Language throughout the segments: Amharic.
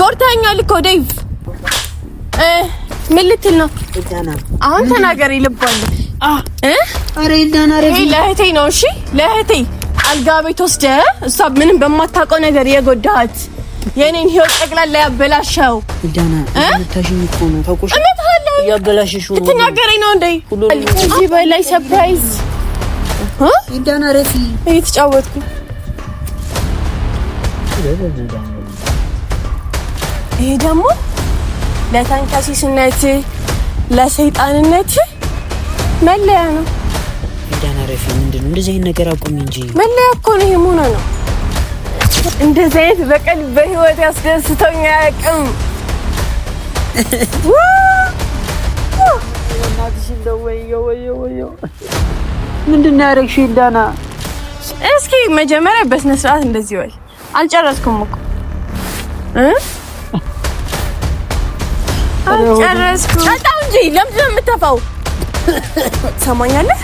ጎድተኛል እኮ ዴቭ። ምን ልትል ነው አሁን? ተናገሪ። ልባል ለእህቴ ነው። እሺ ለእህቴ አልጋ ቤት ወስደ እሷ ምንም በማታውቀው ነገር የጎዳት የኔን ህይወት ጠቅላላ ያበላሸው ትናገረኝ ነው እንዴ? እዚህ በላይ ሰርፕራይዝ ዳና እየተጫወትኩ ይሄ ደግሞ ለተንከሲስነት ለሰይጣንነት መለያ ነው። እንዳናረፊ ምንድን ነው እንደዚህ አይነት ነገር አቁም እንጂ መለያ እኮ ነው። ይሄ መሆኑ ነው። እንደዚህ አይነት በቀል በህይወት ያስደስተኛ ያቅም ምንድን ነው ያደረግሽ? ዳና እስኪ መጀመሪያ በስነ ስርዓት እንደዚህ ወይ አልጨረስኩም እኮ እ አልጨረስኩም። ጠጣው እንጂ ለምንድን ነው የምትተፋው? ትሰማኛለህ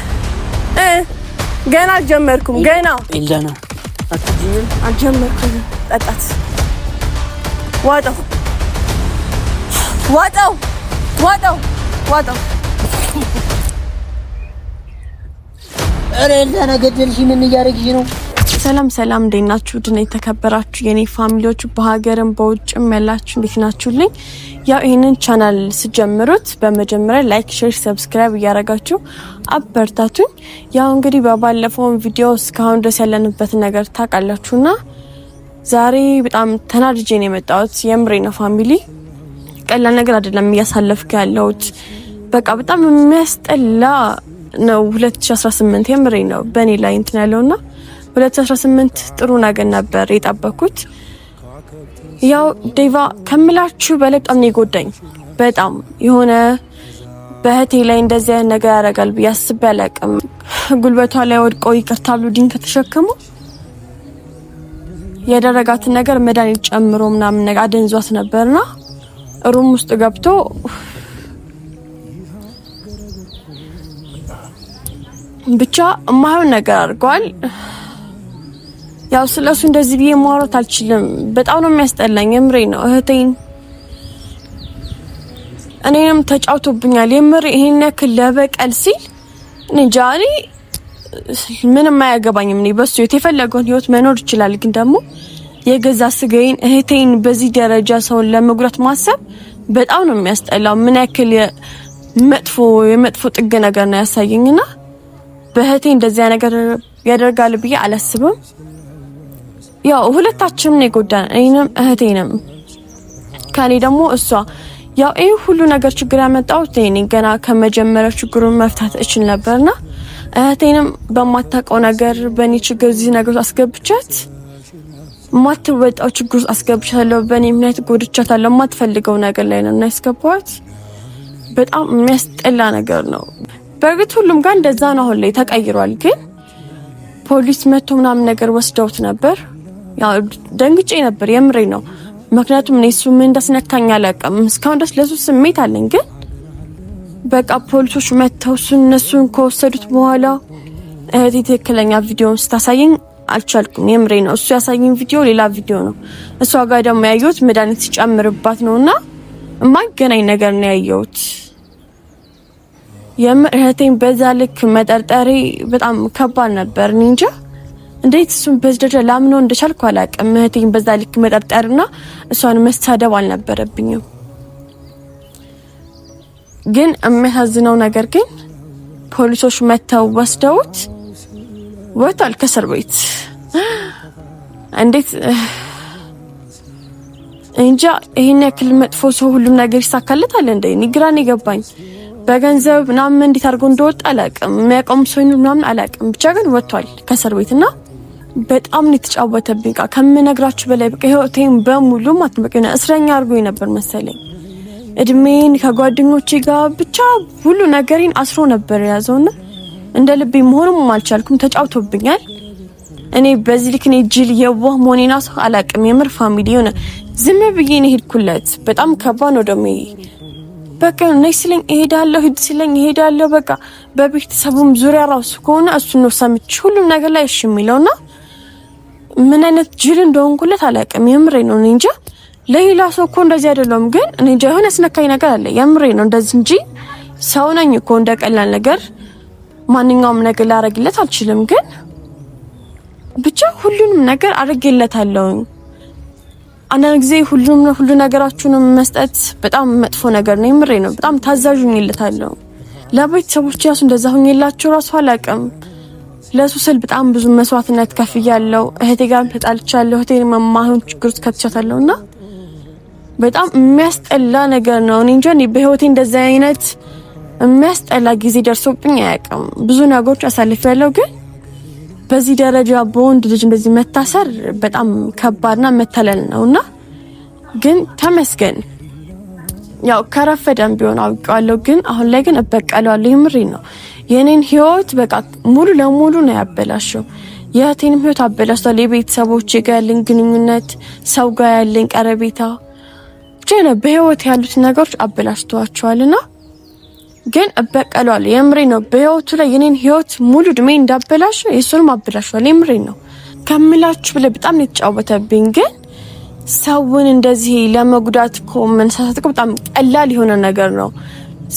ገና አልጀመርኩም። ገና ኢልዳና አትጂኝ አልጀመርኩም። ጠጣት። ዋጠው ዋጠው ዋጠው ዋጠው ኧረ ኢልዳና ገደልሽ። ምን እያደረግሽ ነው? ሰላም ሰላም፣ እንዴት ናችሁ? ድን የተከበራችሁ የኔ ፋሚሊዎች በሀገርም በውጭም ያላችሁ እንዴት ናችሁልኝ? ያው ይህንን ቻናል ስጀምሩት በመጀመሪያ ላይክ፣ ሼር፣ ሰብስክራይብ እያደረጋችሁ አበርታቱኝ። ያው እንግዲህ በባለፈውን ቪዲዮ እስካሁን ድረስ ያለንበት ነገር ታውቃላችሁና ዛሬ በጣም ተናድጄ ነው የመጣሁት። የምሬ ነው ፋሚሊ፣ ቀላል ነገር አይደለም እያሳለፍኩ ያለሁት። በቃ በጣም የሚያስጠላ ነው 2018 የምሬ ነው በእኔ ላይ እንትን ያለውና 2018 ጥሩ ነገር ነበር የጠበኩት። ያው ዴቫ ከምላችሁ በላይ በጣም ነው የጎዳኝ። በጣም የሆነ በእህቴ ላይ እንደዚህ አይነት ነገር ያደርጋል ብዬ አስቤ ጉልበቷ ላይ ወድቆ ይቅርታ ብሎ ዲን ከተሸከሙ ያደረጋትን ነገር መድኃኒት ጨምሮ ምናምን ነገር አደንዟት ነበርና ሩም ውስጥ ገብቶ ብቻ የማይሆን ነገር አድርገዋል። ያው ስለ እሱ እንደዚህ ብዬ ማውራት አልችልም። በጣም ነው የሚያስጠላኝ። የምሬ ነው እህቴን እኔንም ተጫውቶብኛል። የምር ይሄን ያክል ለበቀል ሲል እንጃ እኔ ምንም አያገባኝም። እኔ በሱ የተፈለገውን ህይወት መኖር ይችላል፣ ግን ደግሞ የገዛ ስጋዬን እህቴን በዚህ ደረጃ ሰውን ለመጉረት ማሰብ በጣም ነው የሚያስጠላው። ምን ያክል መጥፎ የመጥፎ ጥግ ነገር ነው ያሳየኝና በእህቴ እንደዚያ ነገር ያደርጋል ብዬ አላስብም። ያው ሁለታችንም ነው የጎዳን፣ እኔንም እህቴንም ከኔ ደግሞ እሷ። ያው ይህ ሁሉ ነገር ችግር ያመጣው እኔ ገና ከመጀመሪያው ችግሩን መፍታት እችል ነበርና እህቴንም በማታውቀው ነገር በእኔ ችግር እዚህ ነገር አስገብቻት ማትወጣው ችግር ውስጥ አስገብቻለሁ። በእኔ ምክንያት ጎድቻታለሁ። የማትፈልገው ነገር ላይ ነው እና በጣም የሚያስጠላ ነገር ነው። በእርግጥ ሁሉም ጋር እንደዛ ነው። አሁን ላይ ተቀይሯል፣ ግን ፖሊስ መጥቶ ምናምን ነገር ወስደውት ነበር። ደንግጬ ነበር። የምሬ ነው። ምክንያቱም እኔ እሱ ምን እንዳስነካኝ አላውቅም። እስካሁን ድረስ ለሱ ስሜት አለኝ፣ ግን በቃ ፖሊሶች መጥተው እሱ እነሱን ከወሰዱት በኋላ እህቴ ትክክለኛ ቪዲዮውን ስታሳየኝ አልቻልኩም። የምሬ ነው። እሱ ያሳየኝ ቪዲዮ ሌላ ቪዲዮ ነው። እሷ ጋር ደግሞ ያየሁት መድኃኒት ሲጨምርባት ነው እና የማይገናኝ ነገር ነው ያየሁት። የምር እህቴን በዛ ልክ መጠርጠሬ በጣም ከባድ ነበር። እኔ እንጃ እንዴት እሱን በዚህ ደረጃ ላምነው እንደቻልኩ አላውቅም። እህቴን በዛ ልክ መጠርጠርና እሷን መሳደብ አልነበረብኝም። ግን የሚያሳዝነው ነገር ግን ፖሊሶች መጥተው ወስደውት ወጥቷል ከእስር ቤት። እንዴት እንጃ ይሄን ያክል መጥፎ ሰው ሁሉም ነገር ይሳካለታል እንዴ? ግራን የገባኝ በገንዘብ ምናምን እንዴት አድርጎ እንደወጣ አላውቅም። የሚያውቀውም ሰው ምናምን አላውቅም። ብቻ ግን ወጥቷል ከእስር ቤት እና በጣም ነው የተጫወተብኝ። ቃ ከምነግራችሁ በላይ በቃ ህይወቴን በሙሉ ማለት በቃ የሆነ እስረኛ አድርጎኝ ነበር መሰለኝ። እድሜን ከጓደኞቼ ጋር ብቻ ሁሉ ነገሬን አስሮ ነበር የያዘውና እንደ ልቤ መሆንም አልቻልኩም። ተጫውቶብኛል። እኔ በዚህ ልክ እኔ ጅል የዋህ መሆኔን ሰው አላቅም። የምር ፋሚሊ የሆነ ዝም ብዬ ነው ሄድኩለት። በጣም ከባድ ነው ደግሞ በቃ ነይ ስለኝ እሄዳለሁ፣ ሂድ ስለኝ እሄዳለሁ። በቃ በቤተሰቡም ዙሪያ ራሱ ከሆነ እሱን ነው ሰምቼ ሁሉም ነገር ላይ እሺ የሚለውና ምን አይነት ጅል እንደሆንኩለት አላውቅም። የምሬ ነው እንጃ። ለሌላ ሰው እኮ እንደዚህ አይደለም፣ ግን እኔ እንጃ የሆነ ያስነካኝ ነገር አለ። የምሬ ነው እንደዚህ እንጂ ሰው ነኝ እኮ እንደ ቀላል ነገር ማንኛውም ነገር ላረግለት አልችልም። ግን ብቻ ሁሉንም ነገር አድርጌለታለሁ። አንዳንድ ጊዜ ሁሉም ሁሉ ነገራችሁንም መስጠት በጣም መጥፎ ነገር ነው። የምሬ ነው። በጣም ታዛዥ ሁኝለታለሁ። ለቤተሰቦች ያሱ እንደዛ ሁኝላቸው ራሱ አላውቅም። ለሱ ስል በጣም ብዙ መስዋዕትነት ከፍ ያለው እህቴ ጋር ተጣልቻለሁ። እህቴን መማሁን ችግር ውስጥ ከትቻታለሁ እና በጣም የሚያስጠላ ነገር ነው። እኔ እንጃ በህይወቴ እንደዚህ አይነት የሚያስጠላ ጊዜ ደርሶብኝ አያውቅም። ብዙ ነገሮች አሳልፌያለሁ፣ ግን በዚህ ደረጃ በወንድ ልጅ እንደዚህ መታሰር በጣም ከባድና መተለል ነው እና ግን ተመስገን ያው ከረፈደም ቢሆን አውቀዋለሁ፣ ግን አሁን ላይ ግን እበቀለዋለሁ። ይምሪ ነው የኔን ህይወት በቃ ሙሉ ለሙሉ ነው ያበላሸው። የእህቴንም ህይወት አበላሽቷል። የቤተሰቦቼ ጋር ያለኝ ግንኙነት፣ ሰው ጋር ያለኝ ቀረቤታ ብቻ ነው በህይወት ያሉት ነገሮች አበላሽተዋቸዋልና ግን እበቀለዋለሁ። የምሬ ነው። በህይወቱ ላይ የኔን ህይወት ሙሉ እድሜ እንዳበላሸው የእሱንም አበላሽቷል። የምሬ ነው ከምላችሁ ብለ በጣም የተጫወተብኝ። ግን ሰውን እንደዚህ ለመጉዳት እኮ መንሳሳት በጣም ቀላል የሆነ ነገር ነው።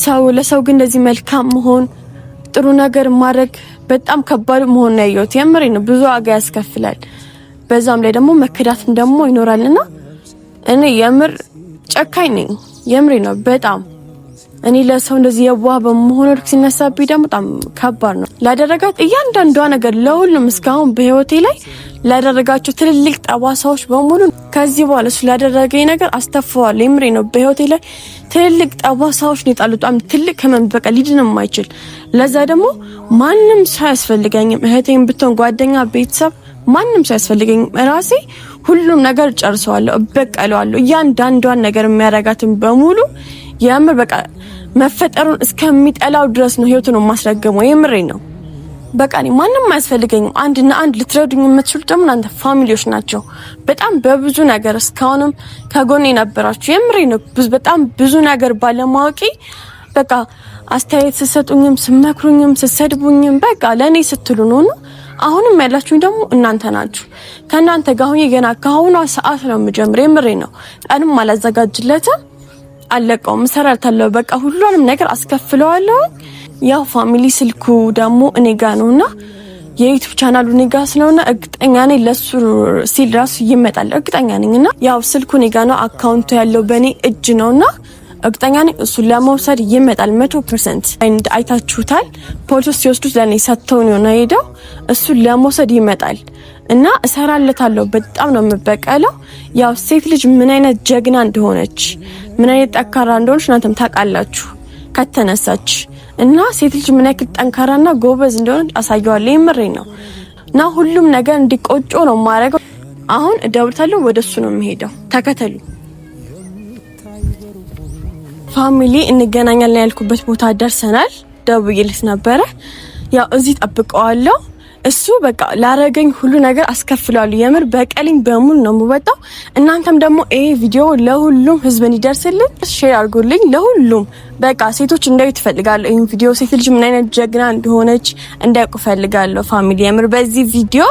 ሰው ለሰው ግን እንደዚህ መልካም መሆን ጥሩ ነገር ማድረግ በጣም ከባድ መሆን ነው ያየሁት። የምሬ ነው። ብዙ ዋጋ ያስከፍላል። በዛም ላይ ደግሞ መከዳትም ደግሞ ይኖራልና እኔ የምር ጨካኝ ነኝ። የምሬ ነው በጣም እኔ ለሰው እንደዚህ የዋህ በመሆን ወርክ ሲነሳብኝ ደግሞ በጣም ከባድ ነው። ላደረጋት እያንዳንዷ ነገር ለሁሉም እስካሁን በህይወቴ ላይ ላደረጋቸው ትልልቅ ጠባሳዎች በሙሉ ከዚህ በኋላ እሱ ላደረገኝ ነገር አስተፋዋለሁ። የምሬ ነው በህይወቴ ላይ ትልልቅ ጠባሳዎች ነው የጣሉት። በጣም ትልቅ ህመም፣ በቃ ሊድን የማይችል ለዛ ደግሞ ማንም ሰው አያስፈልገኝም። እህቴን ብትሆን ጓደኛ፣ ቤተሰብ ማንም ሰው አያስፈልገኝም። ራሴ ሁሉም ነገር ጨርሰዋለሁ፣ እበቀለዋለሁ። እያንዳንዷን ነገር የሚያረጋትን በሙሉ የምር በቃ መፈጠሩን እስከሚጠላው ድረስ ነው ህይወቱን ማስረገመው። የምሬ ነው። በቃ እኔ ማንም አያስፈልገኝም። አንድና አንድ ልትረዱኝ የምትችሉ ደግሞ እናንተ ፋሚሊዎች ናቸው። በጣም በብዙ ነገር እስካሁንም ከጎኔ ነበራችሁ። የምሬ ነው። በጣም ብዙ ነገር ባለማወቂ በቃ አስተያየት ስሰጡኝም፣ ስመክሩኝም፣ ስሰድቡኝም በቃ ለእኔ ስትሉ ነው አሁንም ያላችሁኝ ደግሞ እናንተ ናችሁ። ከእናንተ ጋር ሁኜ ገና ከአሁኗ ሰዓት ነው የምጀምር። የምሬ ነው። ቀንም አላዘጋጅለትም፣ አለቀውም፣ እሰራታለሁ። በቃ ሁሉንም ነገር አስከፍለዋለሁ። ያው ፋሚሊ ስልኩ ደግሞ እኔ ጋ ነውና የዩቱብ ቻናሉ እኔ ጋ ስለሆነ እርግጠኛ ነኝ ለሱ ሲል ራሱ ይመጣል። እርግጠኛ ነኝ እና ያው ስልኩ እኔ ጋ ነው፣ አካውንቱ ያለው በእኔ እጅ ነውና እርግጠኛ ነኝ እሱን ለመውሰድ ይመጣል መቶ ፐርሰንት። አንድ አይታችሁታል፣ ፖሊሶች ሲወስዱት ለእኔ ሰጥተውን የሆነ ሄደው እሱን ለመውሰድ ይመጣል እና እሰራለታለሁ። በጣም ነው የምበቀለው። ያው ሴት ልጅ ምን አይነት ጀግና እንደሆነች ምን አይነት ጠንካራ እንደሆነች እናንተም ታውቃላችሁ ከተነሳች እና ሴት ልጅ ምን ያክል ጠንካራና ጎበዝ እንደሆነ አሳየዋለሁ። የምሬን ነው። እና ሁሉም ነገር እንዲቆጮ ነው ማረገው። አሁን እደውልታለሁ፣ ወደ እሱ ነው የሚሄደው። ተከተሉ። ፋሚሊ እንገናኛለን ያልኩበት ቦታ ደርሰናል። ደውዬለት ነበረ። ያው እዚህ ጠብቀዋለሁ። እሱ በቃ ላረገኝ ሁሉ ነገር አስከፍላለሁ። የምር በቀልኝ በሙሉ ነው የምወጣው። እናንተም ደግሞ ይሄ ቪዲዮ ለሁሉም ህዝብ እንዲደርስልን ሼር አድርጉልኝ። ለሁሉም በቃ ሴቶች እንዳዩት እፈልጋለሁ። ይህ ቪዲዮ ሴት ልጅ ምን አይነት ጀግና እንደሆነች እንዳያውቁ እፈልጋለሁ። ፋሚሊ የምር በዚህ ቪዲዮ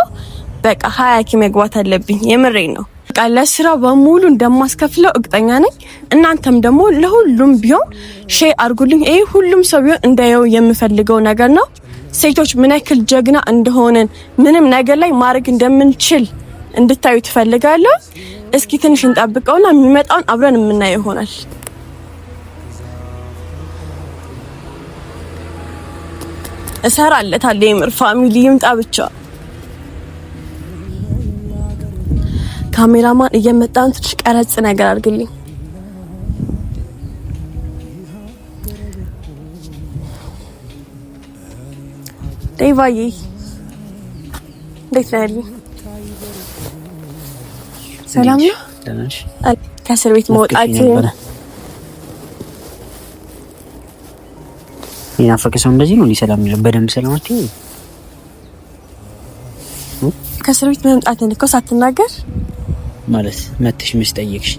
በቃ ሀያ ኪ መግባት አለብኝ። የምሬ ነው። በቃ ለስራ በሙሉ እንደማስከፍለው እርግጠኛ ነኝ። እናንተም ደግሞ ለሁሉም ቢሆን ሼር አድርጉልኝ። ይህ ሁሉም ሰው ቢሆን እንዳየው የምፈልገው ነገር ነው። ሴቶች ምን ያክል ጀግና እንደሆንን ምንም ነገር ላይ ማድረግ እንደምንችል እንድታዩ ትፈልጋለሁ። እስኪ ትንሽ እንጠብቀውና የሚመጣውን አብረን የምናየው ይሆናል። እሰራለታለሁ። የምር ፋሚሊ ይምጣ ብቻ። ካሜራማን እየመጣን ትንሽ ቀረጽ ነገር አድርግልኝ። ሀቢባዬ እንዴት ነህ? ሰላም ነው? ከእስር ቤት መውጣት የናፈቀ ሰው እንደዚህ ነው። ሰላም ነው? በደንብ ሰላም ከእስር ቤት መምጣትን እኮ ሳትናገር ማለት መተሽ ምስ ጠየቅሽ።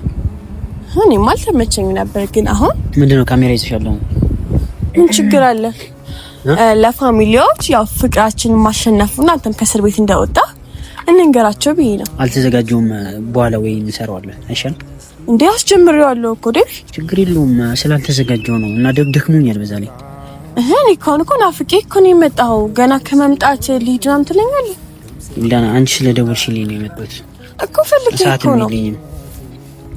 እኔማ አልተመቸኝም ነበር፣ ግን አሁን ምንድነው ካሜራ ይዘሻል? ምን ችግር አለ? ለፋሚሊዎች ያው ፍቅራችን ማሸነፉ እና አንተም ከእስር ቤት እንደወጣ እንንገራቸው ብዬ ነው። አልተዘጋጀውም። በኋላ ወይ እንሰራዋለን። አይሻል እንዴ? አስጀምሬዋለሁ እኮ ዴቭ። ችግር የለውም ስላልተዘጋጀው ነው እና ደግሞኛል በዛ ላይ እህን ይካውን እኮ ናፍቄ እኮ ነው የመጣው። ገና ከመምጣት ልሂድ ምናምን ትለኛለህ። ዳና አንቺ ስለደወልሽልኝ ነው የመጣሁት እኮ ፈልጌ እኮ ነው።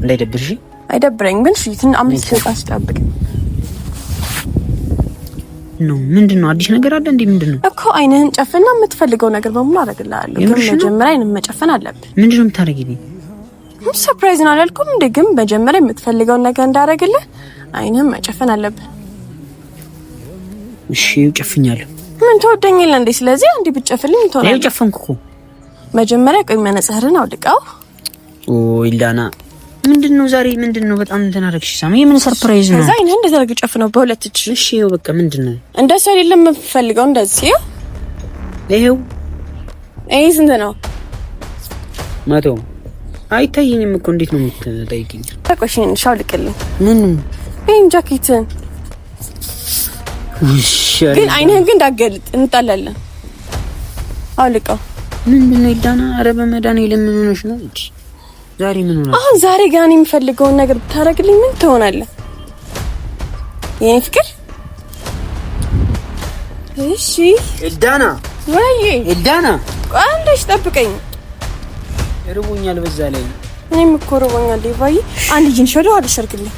እንዳይደብርሽ። አይደብረኝም ግን አምስት ሰዓት ስጠብቅ ነው ምንድን ነው? አዲስ ነገር አለ እንዴ? ምንድን ነው እኮ? አይንህን ጨፍና የምትፈልገው ነገር በሙሉ አደርግልሃለሁ፣ ግን መጀመሪያ አይንህን መጨፈን አለብህ። ምንድን ነው የምታደርጊልኝ? ሰርፕራይዝ ነው አላልኩም እንዴ? ግን መጀመሪያ የምትፈልገውን ነገር እንዳደርግልህ አይንህን መጨፈን አለብህ። እሺ ጨፍኛለሁ። ምን ተወደኝ የለ እንዴ? ስለዚህ አንዴ ብትጨፍልኝ ትሆናለህ። ጨፈንኩ እኮ መጀመሪያ። ቆይ መነጽህርን አውልቀው። ኦ ኢላና ምንድን ነው ዛሬ? ምንድን ነው በጣም እንትን አደረግሽ? ሳሚ የምን ሰርፕራይዝ ነው? ዛሬ ነው እንደዛ አድርገሽ ጨፍ ነው በሁለት እጅ። እሺ ይኸው በቃ ምንድን ነው እንደሱ አይደለም የምፈልገው። እንደዚህ ይኸው ይኸው ይሄ ስንት ነው? መቶ አይታየኝም እኮ እንዴት ነው የምትጠይቂኝ? ታቆሽን ሻው ልቅልኝ ምን ይሄን ጃኬትን ግን አይንህን ግን እንዳገልጥ እንጣላለን። አውልቀው ምንድን ነው ይዳና? ኧረ በመድኃኒዓለም ምን ሆነሽ ነው? ዛሬ ምን ሆነ? አሁን ዛሬ ጋር የምፈልገውን ነገር ብታደርግልኝ ምን ትሆናለህ? የኔ ፍቅር እሺ። ኤልዳና ወይ ኤልዳና፣ አንዴሽ ጠብቀኝ፣ እርቦኛል። በዛ ላይ እኔም እኮ እርቦኛል። ይባይ አንድ ጂን ወደ ኋላ አድርግልኝ፣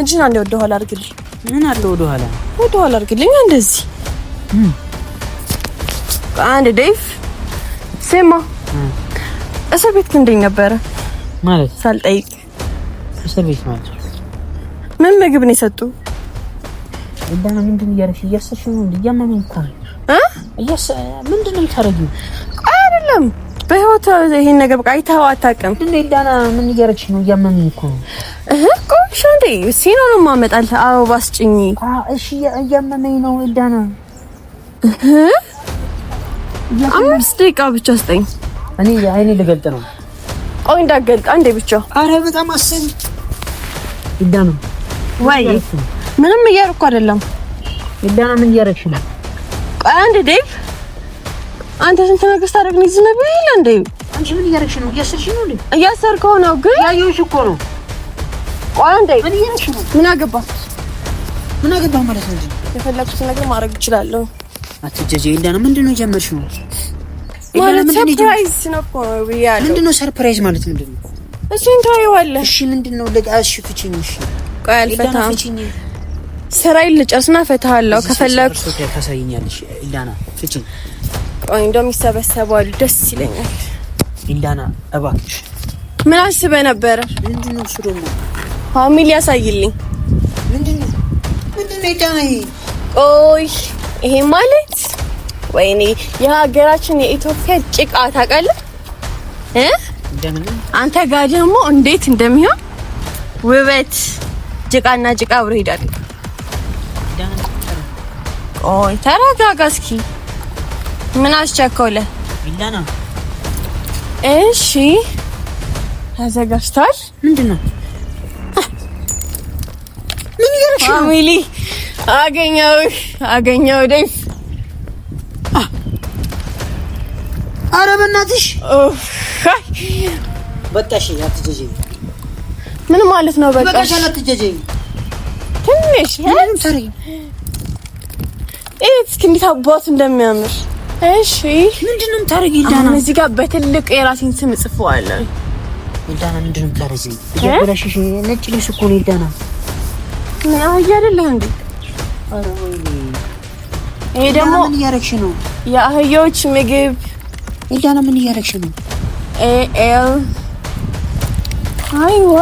እጅን አንድ ወደ ኋላ አድርግልኝ። ምን አለ ወደ ኋላ ወደ ኋላ አድርግልኝ፣ እንደዚህ አንድ ዴፍ ሴማ እሰ ቤት እንዴት ነበረ? ማለት ሳልጠይቅ እስር ቤት ማለት ምን ምግብ ነው የሰጡ? ባና ምንድን እያደረግሽ እያሰርሽ ነው? እያመመኝ እኮ ነው። ምንድን ነው የምታደርጊው? አይደለም በህይወት ይሄን ነገር በቃ አይተኸው አታውቅም። ዳና ምን እያደረግሽ ነው? እያመመኝ እኮ ነው። ቆሽ እንዴ ሲኖ ነው ማመጣል አበባ ስጭኝ። እሺ እያመመኝ ነው ዳና። አምስት ደቂቃ ብቻ ስጠኝ። እኔ አይኔ ልገልጥ ነው ቆይ እንዳገልጥ አንዴ ብቻ። አረ በጣም አሰኝ ይዳና ወይ ምንም እያደረኩ አይደለም። ይዳና ምን እያደረግሽ ነው? ቆይ አንዴ ዴቭ፣ አንተ ስንት ነገር ስታደርግ ዝም ብለህ እንዴ? አንቺ ምን እያደረግሽ ነው? እያሰርሽ ነው እንዴ? እያሰርከው ነው ግን ያየሁሽ እኮ ነው። ቆይ አንዴ ምን እያደረግሽ ነው? ምን አገባ ምን አገባ ማለት ነው እንጂ የፈለኩትን ነገር ማድረግ እችላለሁ። አትጀጂ ይዳና፣ ምንድን ነው የጀመርሽው? ምንድን ነው ሰርፕራይዝ ማለት ምንድን ነው? እሱን ታየዋለህ። እሺ ምንድን ነው? እሺ ፍቺኝ። እሺ ቆይ አልፈታም። ስራዬን ልጨርስና እፈታሃለሁ። ከፈለግኩ ታሳይኛለሽ። ኢልዳና ፍቺኝ። ቆይ እንደውም ይሰበሰባሉ፣ ደስ ይለኛል። ኢልዳና እባክሽ። ምን አስበህ ነበረ? ምንድን ነው እሱ ደግሞ? ፋሚሊ ያሳይልኝ። ምንድን ነው ምንድን ነው? ቆይ ይሄ ማለት ወይኔ የሀገራችን የኢትዮጵያ ጭቃ ታውቃለህ እ አንተ ጋ ደግሞ እንዴት እንደሚሆን ውበት ጭቃና ጭቃ አብሮ ይሄዳል። ኦይ ተረጋጋ እስኪ። ምን አስቸኮለ? እሺ ተዘጋጅቷል። ምንድን ነው ፋሚሊ አገኘው አገኘው ደስ ኧረ በእናትሽ በቃሽ፣ አትጀጀኝ። ምን ማለት ነው በቃሽ? አትጀጀኝ። ትንሽ ምንም ሰሪ እስኪ እንዴት አባቱ እንደሚያምር እሺ። ምንድነው የምታደርጊው ይዳና እዚህ ጋር በትልቅ የራሴን ስም ጽፈዋለሁ። ዳና ምንድነው የምታደርጊው? ጀብረሽሽ ነጭ ልብስ እኮ ነው ዳና። ምን አያ አይደለህ እንዴ? ይሄ ደግሞ ምን እያደረግሽ ነው? የአህዮች ምግብ እያለ ምን እያደረግሽ ነው? ኤኤል አይዋ።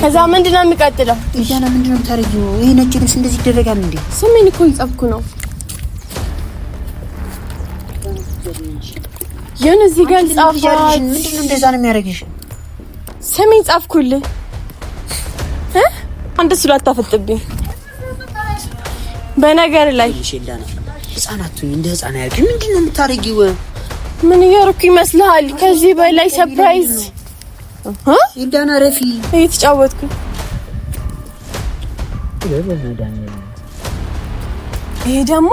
ከዛ ምንድን ነው የሚቀጥለው? እያለ ምንድን ነው የምታደርጊው? ይሄ ነጭ ልብስ እንደዚህ ይደረጋል እንዴ? ስሜን እኮ እየጻፍኩ ነው። የሆነ እዚህ ጋር ጻፋት። ምንድን ነው እንደዛ ነው የሚያደርግሽ? ስሜን ጻፍኩልህ። አንድ ስሉ አታፈጥብኝ። በነገር ላይ ህፃናቱ እንደ ህፃን ያድርግ። ምንድን ነው የምታደርጊው? ምን እያደረኩ ይመስልሃል? ከዚህ በላይ ሰርፕራይዝ ይዳና ረፊ እየተጫወትኩ ይሄ ደግሞ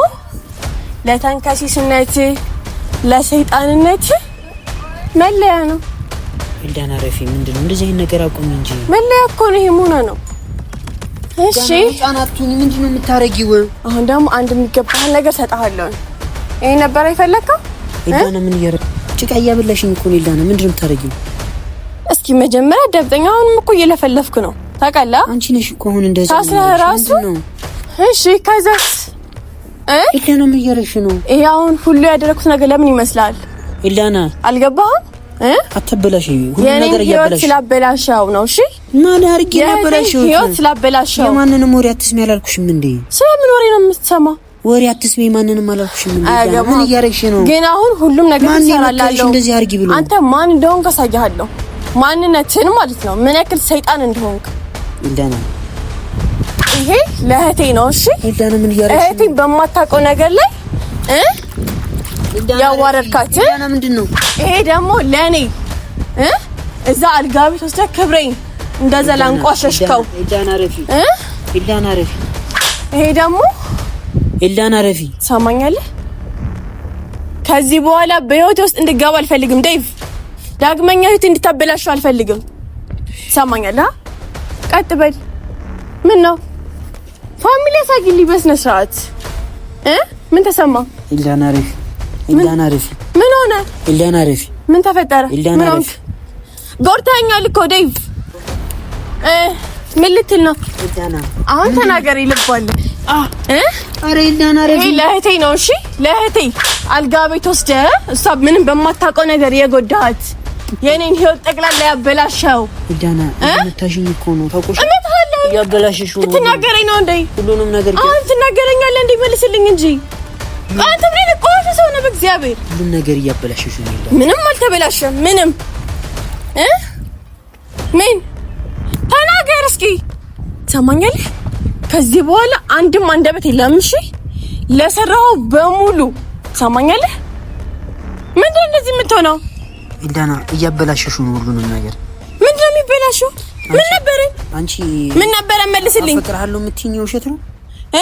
ለተንከሲስነት ለሰይጣንነት መለያ ነው። ይዳና ረፊ ምንድነው? እንደዚህ አይነት ነገር አቁም እንጂ መለያ እኮ ነው። ይሄ ሙና ነው። እሺ ጫናቱን ምንድነው የምታረጊው? አሁን ደግሞ አንድ የሚገባህን ነገር ሰጣሃለሁ። ይሄ ነበር አይፈለግከው ኤልዳና ምን እያረ ጭቃ እያበላሽኝ እኮ ነው። ኤልዳና ምንድን ነው የምታደርጊው? እስኪ መጀመሪያ ደብተኛ። አሁንም እኮ እየለፈለፍክ ነው ታውቃለህ። አንቺ ነሽ እኮ አሁን እንደዚህ ታስረህ ራሱ እሺ። ከዛስ ኤልዳና ምን እያረግሽ ነው? ይሄ አሁን ሁሉ ያደረኩት ነገር ለምን ይመስላል? ኤልዳና አልገባህም? አታበላሽ። ሁሉ ነገር እያበላሽ ስላበላሻው ነው። እሺ ማን አድርጌ ላበላሽ? ህይወት ስላበላሽው። የማንንም ወሬ አትስሚ አላልኩሽም እንዴ? ስለምን ወሬ ነው የምትሰማው? ወሬ አትስሚ። ማንንም አላልኩሽም። ምን እያደረግሽ ነው? ግን አሁን ሁሉም ነገር ትሰራላለህ። እንደዚህ አድርጊ ብሎ አንተ ማን እንደሆንክ አሳያለሁ። ማንነትን ማለት ነው፣ ምን ያክል ሰይጣን እንደሆንክ። ኤልዳና ይሄ ለእህቴ ነው። እሺ ኤልዳና፣ ምን እያደረግሽ ነው? እህቴን በማታውቀው ነገር ላይ እ ያዋረድካት ኤልዳና፣ ምንድን ነው ይሄ ደግሞ ለእኔ እ እዛ አልጋ ቤት ወስደህ ክብሬን እንደዛ ላንቋሸሽከው። ኤልዳና ረፊ፣ ኤልዳና ረፊ። ይሄ ደግሞ ኤልዳና ረፊ ትሰማኛለህ? ከዚህ በኋላ በህይወቴ ውስጥ እንድገባ አልፈልግም። ዴቭ ዳግመኛ ህይወት እንድታበላሽው አልፈልግም። ትሰማኛለህ? ቀጥ በል። ምን ነው ፋሚሊ ያሳግልኝ በስነ ስርዓት እ ምን ተሰማ? ኤልዳና ረፊ ኤልዳና ረፊ ምን ሆነ? ኤልዳና ረፊ ምን ተፈጠረ? ኤልዳና ረፊ ጎርተኸኛል እኮ ዴቭ እ ምን ልትል ነው? አሁን ተናገር ይልባል እ ለእህቴ ነው። እሺ ለእህቴ አልጋ ቤት ወስደህ እሷ ምንም በማታውቀው ነገር የጎዳት የኔን ህይወት ጠቅላላ ያበላሸው ዳና ታሽኝ እኮ ነው ታቆሽ ያበላሽሽ ነው። ትናገረኝ ነው እንዴ? ሁሉንም ነገር አሁን ትናገረኛለህ እንዴ? መልስልኝ እንጂ አንተ ምን ቆሽ ሰው ነው። በእግዚአብሔር ሁሉም ነገር እያበላሽሽ ነው። ምንም አልተበላሸም። ምንም እ ምን ተናገር እስኪ። ትሰማኛለህ? ከዚህ በኋላ አንድም አንደበት የለም። እሺ ለሰራው በሙሉ ትሰማኛለህ? ምንድነው እንደዚህ የምትሆነው? ኢልዳና እያበላሸሹ ነው ሁሉንም ነገር። ምንድነው የሚበላሸው? ምን ነበር አንቺ ምን ነበር መልስልኝ። አፈቅርሃለሁ የምትይኝ ውሸት ነው እ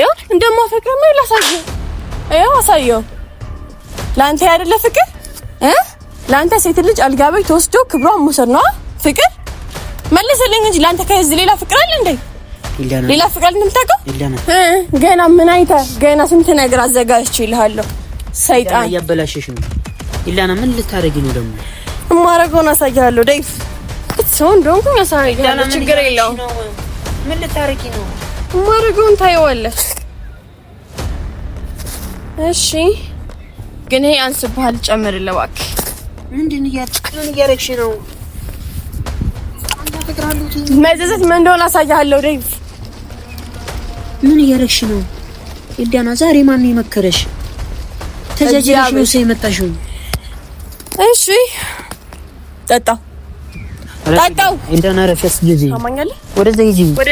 ይኸው እንደማፈቅር ነው ላሳየው። ይኸው አሳየው። ለአንተ ያደለ ፍቅር እ ለአንተ ሴት ልጅ አልጋ ቤት ተወስዶ ክብሯን መውሰድ ነው ፍቅር? መልስልኝ እንጂ ለአንተ ከዚህ ሌላ ፍቅር አለ እንዴ? ሌላ ፍቃድ እንደምታውቀው ገና ምን አይተ ገና ስንት ነገር አዘጋጅቼ እልሃለሁ። ሰይጣን እያበላሸሽ ነው። ኢላና ምን ልታረጊ ነው ደግሞ? እማረገውን አሳያለሁ። ዴቭ ሰው እንደሆንኩ አሳያለሁ። ችግር የለውም። ምን ልታረጊ ነው? እማረገውን ታየዋለች። እሺ ግን ይሄ አንስብሃል፣ ጨምርልህ እባክህ። ምንድን እያረግሽ ነው? መዘዘት ምን እንደሆነ አሳያለሁ ዴቭ ምን እያረግሽ ነው ኤልዳና? ዛሬ ማን ነው የመከረሽ? ተጀጅራሽ ነው የመጣሽው? እሺ ጠጣ ጠጣው። ኤልዳና ረፈስ ጊዜ ታማኛለህ። ወደዛ ሂጂ። ወደ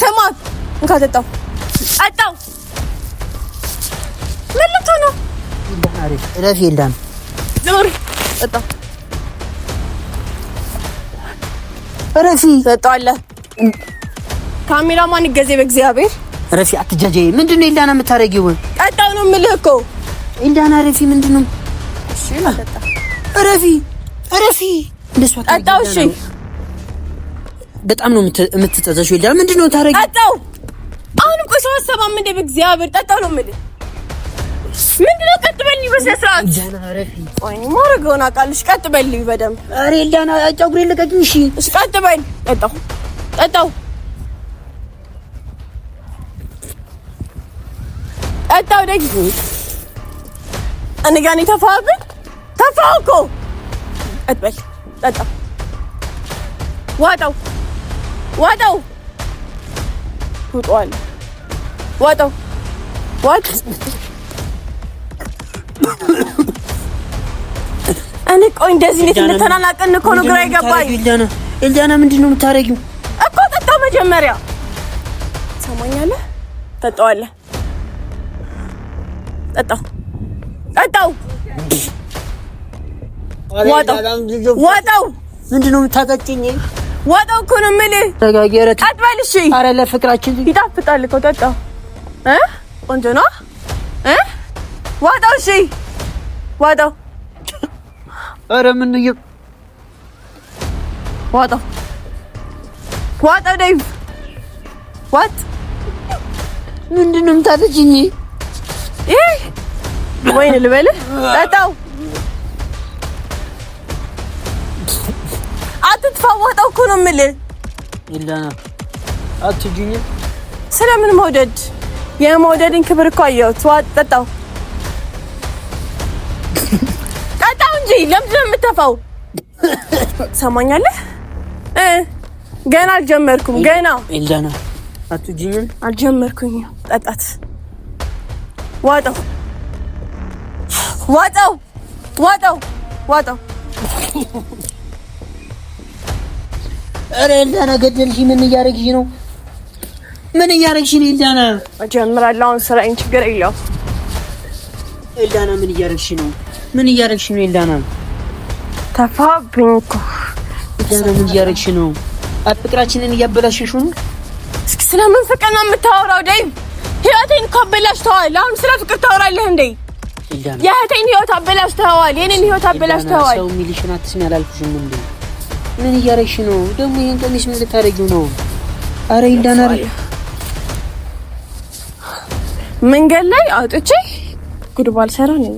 ስማ፣ እንካ ጠጣው፣ ጠጣው። ምን ልትሆን ነው? ረፍ ኤልዳና፣ ዞር፣ ጠጣው ረፊ ካሜራማን እገዜ በእግዚአብሔር ረፊ አትጃጃ። ምንድን ነው ኢንዳና የምታረጊው? ቀጣው ነው የምልህ እኮ ኢንዳና። ረፊ ምንድን ነው? እሺ ረፊ ረፊ እንደሱ ቀጣው። እሺ በጣም ነው የምትጠዘሽው ኢንዳና። ምንድን ነው ታረጊ? ቀጣው። አሁን እኮ ሰው አሰማም እንደ በእግዚአብሔር ቀጣው ነው የምልህ። ምንድን ነው ቀጥ በልኝ፣ በስነ ስርዓት ኢንዳና። ረፊ ቆይ ማረገውን አውቃለሽ። ቀጥ በልኝ በደምብ። ኧረ ኢንዳና ጨጉሬን ልቀቂኝ። እሺ እሺ፣ ቀጥ በል። ቀጣው ቀጣው ቀጣው ደግሞ እኔ ጋር ነው የተፋህብን። ተፋህ እኮ ቀጥበል። ጠጣው፣ ዋጠው፣ ዋጠው፣ ትውጠዋለህ። ዋጠው፣ ዋጥ። እኔ ቆይ እንደዚህ እንዴት እንደተናናቀን እኮ ነው ግራ የገባኝ። ኢልዳና፣ ምንድን ነው የምታደርጊው? እኮ ጠጣው መጀመሪያ። ሰማኛለህ፣ ጠጣዋለህ ጠጣው ጠጣው ወጣው ምንድን ነው የምታጠጭኝ? ወጣው እኮ ነው የምልህ። ቀጥ በል እሺ። ኧረ ለፍቅራችን ይጣፍጣል እኮ ጠጣው። ቆንጆ ነው። ወጣው እሺ፣ ወጣው። ኧረ ምንዬ ወጣው፣ ዋጥ ምንድን ነው የምታጠጭኝ? ይሄ ወይን ልበልህ? ጠጣው። አትትፋወጠው እኮ ነው የምልህ። ይላና አትጁኝ። ስለምን መውደድ? የመውደድን ክብር እኮ አየሁት። ዋ ጠጣው፣ ጠጣው እንጂ ለምንድን ነው የምትተፋው? እ ገና አልጀመርኩም። ገና ይላና አትጂኝ። አልጀመርኩኝ። ጠጣት፣ ዋጠው ዋጠው ዋጠው ዋጠው። ኧረ ኤልዳና ገደልሽ። ምን እያደረግሽ ነው? ምን እያደረግሽ ነው ኤልዳና? እጀምራለሁ አሁን ስራዬን። ችግር የለውም ኤልዳና። ምን እያደረግሽ ነው? ምን እያደረግሽ ነው ኤልዳና? ተፋብኝ እኮ ኤልዳና። ምን እያደረግሽ ነው? አፍቅራችንን እያበላሸሽው ነው። እስኪ ስለምን ፍቅር ነው የምታወራው? ዴቭ ህይወቴን እኮ አበላሽተዋል። አሁን ስለ ፍቅር ታወራለህ እንዴ? የእህቴን ህይወት አበላሽተዋል። የእኔን ህይወት አበላሽተዋል። ሰው የሚልሽን አትስሚ አላልኩሽም እንዴ? ምን እያረግሽ ነው ደግሞ? ይሄን ቀሚስ ምን ልታረጊው ነው? አረ ይዳናሪ መንገድ ላይ አውጥቼ ጉድ ባልሰራ ነው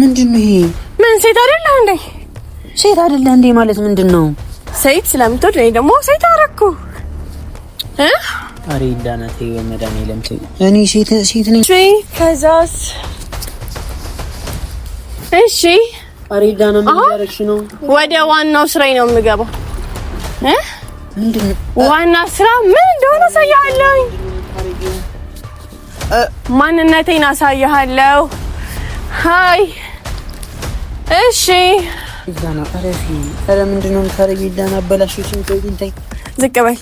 ምንድን ነው ይሄ? ምን ሴት አይደለህ እንዴ? ሴት አይደለህ እንዴ ማለት ምንድን ነው? ሴት ስለምትወድ እኔ ደግሞ ሴት አደረኩ እ አሬ ዳናቴ ወመዳኔ እኔ ሴት ሴት ነኝ። ከዛስ እሺ አሪዳ ነው ነው። የሚያረክሽ ወደ ዋናው ስራዬ ነው የምገባው። ዋና ስራ ምን እንደሆነ አሳያለሁ። ማንነቴን አሳያለሁ። ሀይ እሺ ኢዳና አረፊ አረ ምንድነው ነው ይዳና ኢዳና አበላሽሽን። ታይ ዝቅ በይ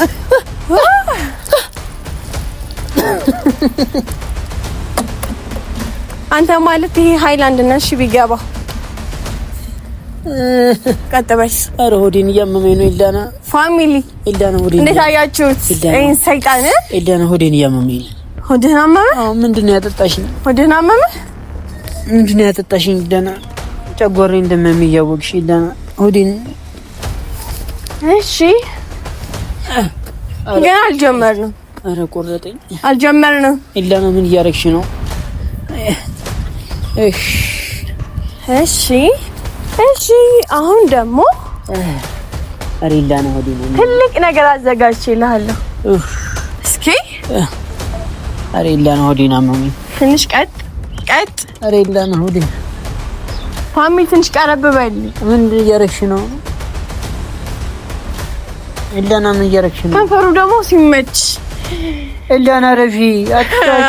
አንተ ማለት ይሄ ሃይላንድ እሺ ቢገባ ቀጥበሽ። ኧረ ሆዴን እያመመኝ ነው። ኢልዳና ፋሚሊ ኢልዳና ሆዴን እንዴት አያችሁት? ይሄን ሰይጣን ኢልዳና ሆዴን እያመመኝ ነው። ሆዴን አመመ? አዎ። ምንድን ነው ያጠጣሽኝ? ሆዴን አመመ? ምንድን ነው ያጠጣሽኝ? ኢልዳና ጨጓሬ እንደመመኝ እያወቅሽ ኢልዳና ሆዴን። እሺ ገና አልጀመርንም። አረ ቆረጠኝ። አልጀመርንም። ኢልዳና ምን እያረግሽ ነው? እሺ እሺ። አሁን ደግሞ ሪላ ነው ወዲህ ትልቅ ነገር አዘጋጅቼልሃለሁ። እስኪ ሪላ ነው ወዲህ ነው ትንሽ ቀጥ ቀጥ ሪላ ነው ወዲህ ፋሚሊ ትንሽ ቀረብ በል። ምን እየረግሽ ነው? ኤልዳና ምን እየረግሽ ነው? ከንፈሩ ደግሞ ሲመች ኤልዳና ረፊ አጥራሽ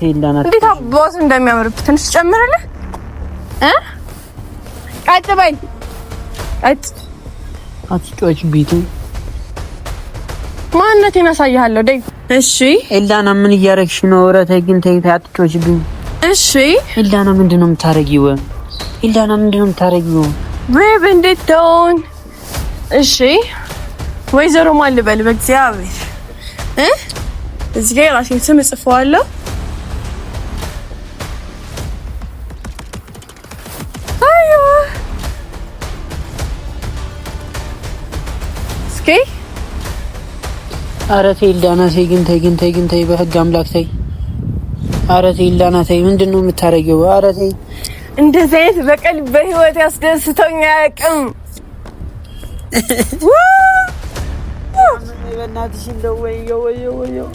እንዴት አባቱ እንደሚያምርብህ ትንሽ ጨምርልህ። ቀጥ በይ ቀጥ። አትጫወች ቤቱ ማንነቴን አሳይሃለሁ። ደግ እሺ። ኤልዳና ምን እያረግሽ ነው? ኧረ ተይ ግን ተይ፣ አትጫወችብኝ። እሺ። ኤልዳና ምንድን ነው የምታረጊው? ኤልዳና ምንድን ነው የምታረጊው? ቤብ እንዴት ተውን። እሺ ወይዘሮ ማን ልበል? በእግዚአብሔር እ እዚህ ጋር የራሴን ስም እጽፈዋለሁ። አይዋ እስኪ ኧረ ተይ ኤልዳና ተይ ግን ተይ ግን ተይ ግን ተይ በህግ አምላክ ተይ። ኧረ ተይ ኤልዳና ተይ፣ ምንድን ነው የምታረጊው? ኧረ ተይ። እንደዚህ አይነት በቀል በህይወት ያስደስተኛ አያውቅም። በእናትሽ እንደው ወየው ወየው ወየው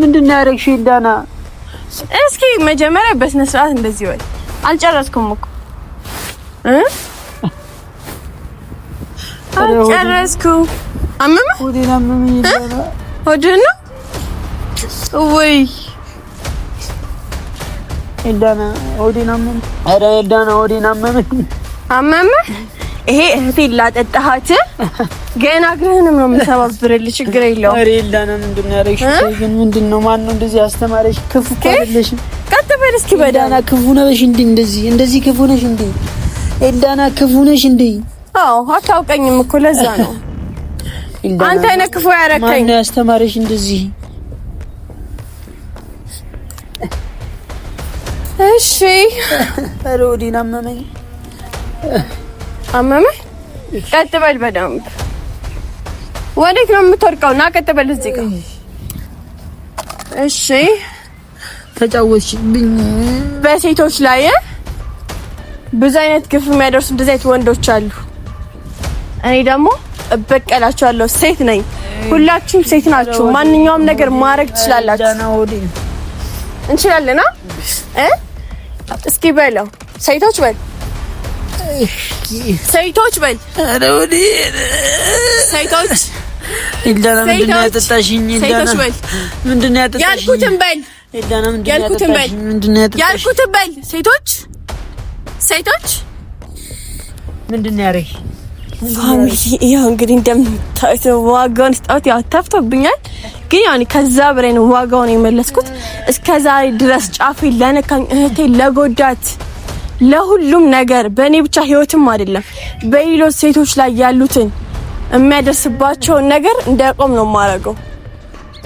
ምንድን ነው ያደረግሽው? ዳና እስኪ መጀመሪያ በስነ ስርዓት እንደዚህ ወይ። አልጨረስኩም እኮ አልጨረስኩም። አመመህ? ሆዴን አመመኝ። ዳና ሆዴን ነው ወይ? ዳና ሆዴን አመመኝ። ኧረ ዳና ሆዴን አመመኝ። አመመህ? ይሄ እህቴ ላጠጣሃት ገና ግርህንም ነው የምሰባብርል። ችግር የለውም። ኧረ የለንም። ምንድን ነው ያደረግሽው? ግን ምንድን ነው ማን እንደዚህ ያስተማረሽ? ክፉ እኮ አይደለሽም። ቀጥ በል እስኪ። በዳና ክፉ ነሽ እንዴ? እንደዚህ እንደዚህ ክፉ ነሽ እንዴ? ኤልዳና ክፉ ነሽ እንዴ? አዎ፣ አታውቀኝም እኮ ለዛ ነው አንተ ነህ ክፉ ያደረከኝ። ማን ያስተማረሽ እንደዚህ? እሺ ኧረ ወዲህ ናመመኝ አመመ። ቀጥ በል በደንብ። ወዴት ነው የምትወድቀው? ና ቀጥ በል እዚህ ጋር። እሺ ተጫወትሽብኝ። በሴቶች ላይ ብዙ አይነት ግፍ የሚያደርሱ እንደዚህ አይነት ወንዶች አሉ። እኔ ደግሞ እበቀላችኋለሁ። ሴት ነኝ። ሁላችሁም ሴት ናችሁ። ማንኛውም ነገር ማድረግ ትችላላችሁ። እንችላለን እ እስኪ በለው ሴቶች በል ሰይቶች በል ሰይቶች ኤልዳና ምንድን ነው ያጠጣሽኝ? ኤልዳና ምንድን ነው ያጠጣሽኝ? ያልኩትን በል ምንድን ነው ያልኩትን በል ሴቶች ሴቶች ምንድን ነው ያደረግሽ? ፋሚሊ ያው እንግዲህ እንደምታዩት ዋጋውን ስጣሁት። ያው ተፍቶብኛል፣ ግን ያው ከዛ በላይ ነው ዋጋውን የመለስኩት። እስከ ድረስ ጫፌ ለነካኝ እህቴ ለጎዳት ለሁሉም ነገር በእኔ ብቻ ህይወትም አይደለም በሌሎች ሴቶች ላይ ያሉትን የሚያደርስባቸውን ነገር እንዲያቆም ነው የማደርገው።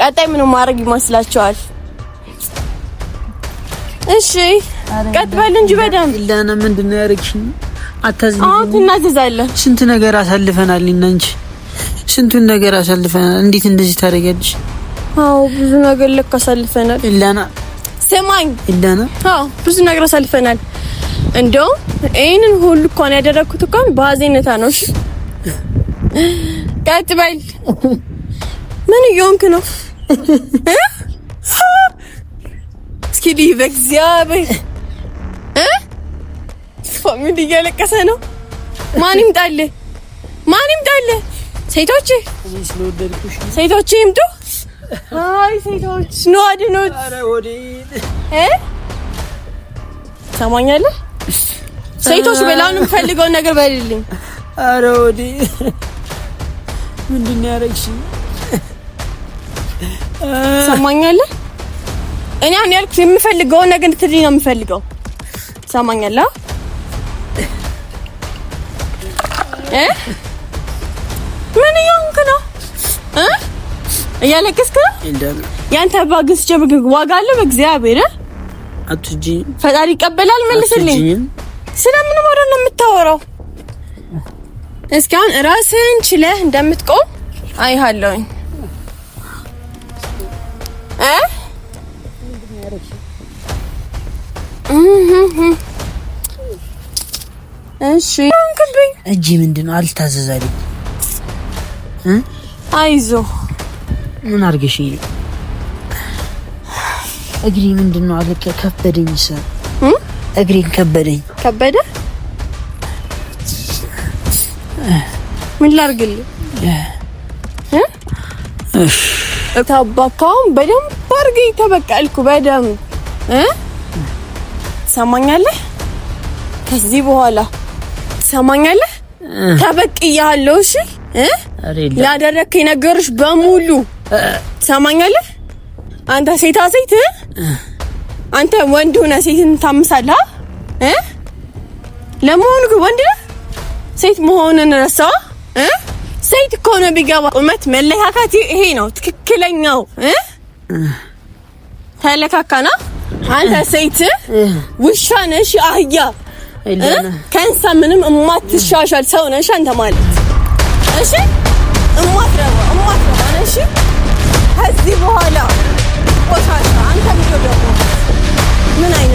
ቀጣይ ምን ማድረግ ይመስላችኋል? እሺ ቀጥ በል እንጂ በደምብ ለና። ምንድን ነው ያደረግሽኝ? አታዝኝ። አዎ ትናዘዛለህ። ስንት ነገር አሳልፈናል እና እንጂ ስንቱን ነገር አሳልፈናል። እንዴት እንደዚህ ታደርጊያለሽ? አዎ ብዙ ነገር ልክ አሳልፈናል። ለና ስማኝ፣ ለና አዎ ብዙ ነገር አሳልፈናል። እንደውም ይህንን ሁሉ እንኳን ያደረግኩት እኮ በሀዘኔታ ነው። እሺ ቀጥ በል። ምን እየሆንክ ነው? እስኪ ልይ በእግዚአብሔር እ ፋሚሊ እያለቀሰ ነው። ማን ይምጣልህ? ማን ይምጣልህ? ሴቶች ሴቶች ይምጡ። አይ ሴቶች ነው አድኖት። ኧረ ወዴት እ ሰማኛለህ ሴቶች በላውን የምፈልገውን ነገር በልልኝ። አረ ወዴ ምንድን ነው ሰማኛለ። እኔ አሁን ያልኩት የምፈልገውን ነገር እንድትልኝ ነው የምፈልገው። ሰማኛለ። እ ምን እየሆንክ ነው? እያለቀስክ ነው? ያንተ ባግስ ጀብግ ዋጋ አለው በእግዚአብሔር አትጂ ፈጣሪ ይቀበላል። መልስልኝ። ስለምን ወደ ነው የምታወራው? እስካሁን ራስህን ችለህ እንደምትቆም አይሃለሁኝ እ እሺ እጅ ምንድን ነው አልታዘዛልኝ። አይዞህ ምን አድርገሽ እግሪ ምንድን ነው አለቀ። ከበደኝ ሰ እግሬን ከበደኝ። ከበደ ምን ላድርግልህ? እሺ ታባካውን በደንብ አድርገኝ ተበቀልኩ። በደንብ ትሰማኛለህ? ከዚህ በኋላ ትሰማኛለህ? ተበቅያለሁ። እሺ ላደረግከኝ ነገሮች በሙሉ ትሰማኛለህ? አንተ ሴታ ሴት አንተ ወንድ ሆነ ሴትን ታምሳለ እ ለመሆኑ ግን ወንድ ሴት መሆንን ረሳ እ ሴት ከሆነ ቢገባ ቁመት መለካካት ይሄ ነው ትክክለኛው እ ተለካካና አንተ ሴት ውሻ ነሽ አህያ ከእንስሳ ምንም እማትሻሻል ሰው ነሽ አንተ ማለት እሺ እማትረባ እማትረባ ነሽ ከዚህ በኋላ ቆሻሻ আমি থাকি ছোট মনে নাই